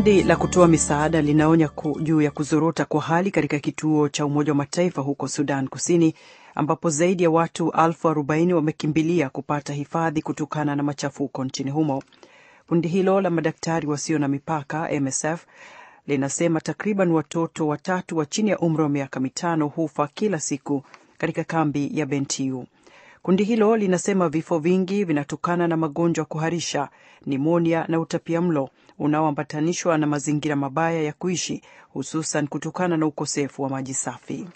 Kundi la kutoa misaada linaonya ku, juu ya kuzorota kwa hali katika kituo cha Umoja wa Mataifa huko Sudan Kusini ambapo zaidi ya watu elfu arobaini wamekimbilia kupata hifadhi kutokana na machafuko nchini humo. Kundi hilo la madaktari wasio na mipaka MSF linasema takriban watoto watatu wa chini ya umri wa miaka mitano hufa kila siku katika kambi ya Bentiu. Kundi hilo linasema vifo vingi vinatokana na magonjwa kuharisha, nimonia na utapia mlo unaoambatanishwa na mazingira mabaya ya kuishi, hususan kutokana na ukosefu wa maji safi.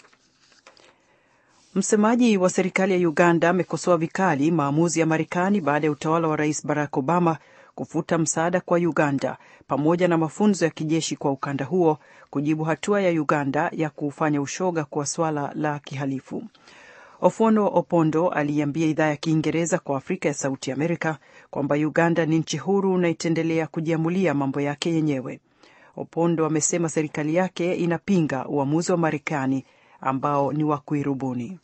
Msemaji wa serikali ya Uganda amekosoa vikali maamuzi ya Marekani baada ya utawala wa Rais Barack Obama kufuta msaada kwa Uganda pamoja na mafunzo ya kijeshi kwa ukanda huo kujibu hatua ya Uganda ya kufanya ushoga kwa swala la kihalifu. Ofono Opondo aliiambia idhaa ya Kiingereza kwa Afrika ya Sauti Amerika kwamba Uganda ni nchi huru na itaendelea kujiamulia mambo yake yenyewe. Opondo amesema serikali yake inapinga uamuzi wa Marekani ambao ni wa kuirubuni.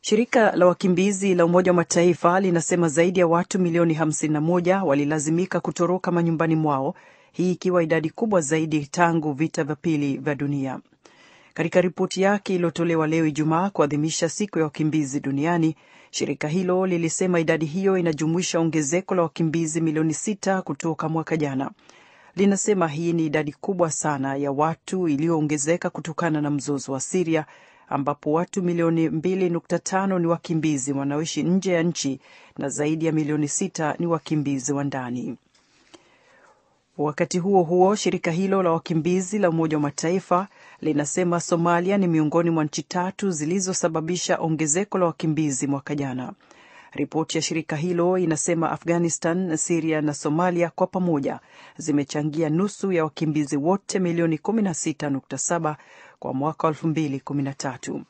Shirika la wakimbizi la Umoja wa Mataifa linasema zaidi ya watu milioni 51 walilazimika kutoroka manyumbani mwao, hii ikiwa idadi kubwa zaidi tangu vita vya pili vya dunia. Katika ripoti yake iliyotolewa leo Ijumaa kuadhimisha siku ya wakimbizi duniani, shirika hilo lilisema idadi hiyo inajumuisha ongezeko la wakimbizi milioni sita kutoka mwaka jana. Linasema hii ni idadi kubwa sana ya watu iliyoongezeka kutokana na mzozo wa Siria ambapo watu milioni 2.5 ni wakimbizi wanaoishi nje ya nchi na zaidi ya milioni sita ni wakimbizi wa ndani. Wakati huo huo, shirika hilo la wakimbizi la Umoja wa Mataifa linasema Somalia ni miongoni mwa nchi tatu zilizosababisha ongezeko la wakimbizi mwaka jana. Ripoti ya shirika hilo inasema Afghanistan, Siria na Somalia kwa pamoja zimechangia nusu ya wakimbizi wote milioni 16.7 kwa mwaka 2013.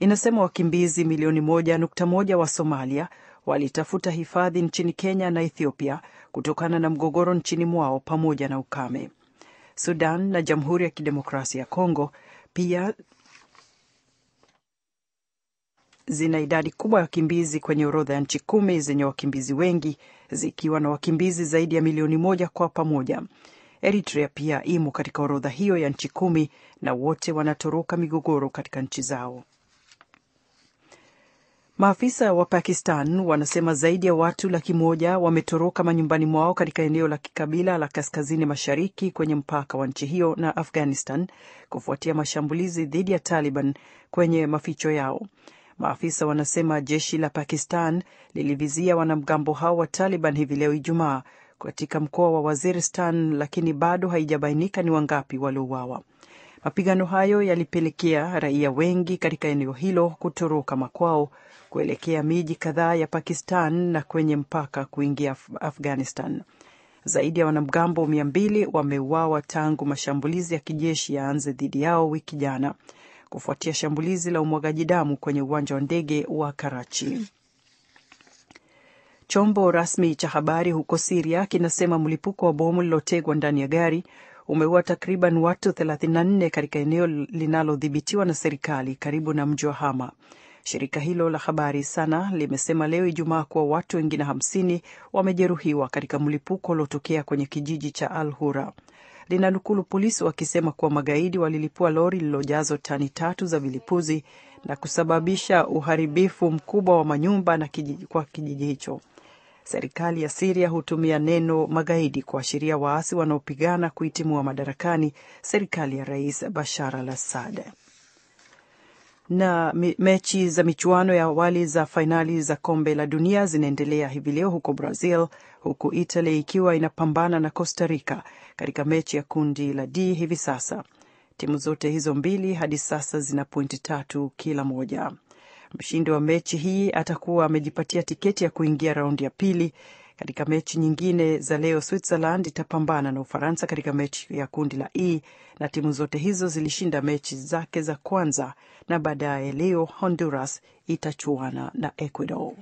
Inasema wakimbizi milioni 1.1 wa Somalia walitafuta hifadhi nchini Kenya na Ethiopia kutokana na mgogoro nchini mwao pamoja na ukame. Sudan na Jamhuri ya Kidemokrasia ya Kongo pia zina idadi kubwa ya wakimbizi kwenye orodha ya nchi kumi zenye wakimbizi wengi zikiwa na wakimbizi zaidi ya milioni moja kwa pamoja. Eritrea pia imo katika orodha hiyo ya nchi kumi na wote wanatoroka migogoro katika nchi zao. Maafisa wa Pakistan wanasema zaidi ya watu laki moja wametoroka manyumbani mwao katika eneo la kikabila la kaskazini mashariki kwenye mpaka wa nchi hiyo na Afghanistan kufuatia mashambulizi dhidi ya Taliban kwenye maficho yao. Maafisa wanasema jeshi la Pakistan lilivizia wanamgambo hao wa Taliban hivi leo Ijumaa katika mkoa wa Waziristan, lakini bado haijabainika ni wangapi waliouawa. Mapigano hayo yalipelekea raia wengi katika eneo hilo kutoroka makwao kuelekea miji kadhaa ya Pakistan na kwenye mpaka kuingia Af Afghanistan. Zaidi ya wanamgambo mia mbili wameuawa tangu mashambulizi ya kijeshi yaanze dhidi yao wiki jana kufuatia shambulizi la umwagaji damu kwenye uwanja wa ndege wa Karachi. Chombo rasmi cha habari huko Siria kinasema mlipuko wa bomu lililotegwa ndani ya gari umeua takriban watu 34 katika eneo linalodhibitiwa na serikali karibu na mji wa Hama. Shirika hilo la habari SANA limesema leo Ijumaa kuwa watu wengine 50 wamejeruhiwa katika mlipuko uliotokea kwenye kijiji cha Al Hura. Linanukulu polisi wakisema kuwa magaidi walilipua lori lililojazwa tani tatu za vilipuzi na kusababisha uharibifu mkubwa wa manyumba na kijiji, kwa kijiji hicho. Serikali ya Siria hutumia neno magaidi kuashiria waasi wanaopigana kuitimua madarakani serikali ya Rais Bashar al Assad. Na mechi za michuano ya awali za fainali za kombe la dunia zinaendelea hivi leo huko Brazil, huku Italy ikiwa inapambana na Costa Rica katika mechi ya kundi la D hivi sasa. Timu zote hizo mbili hadi sasa zina pointi tatu kila moja. Mshindi wa mechi hii atakuwa amejipatia tiketi ya kuingia raundi ya pili. Katika mechi nyingine za leo, Switzerland itapambana na Ufaransa katika mechi ya kundi la E, na timu zote hizo zilishinda mechi zake za kwanza, na baadaye leo Honduras itachuana na Ecuador.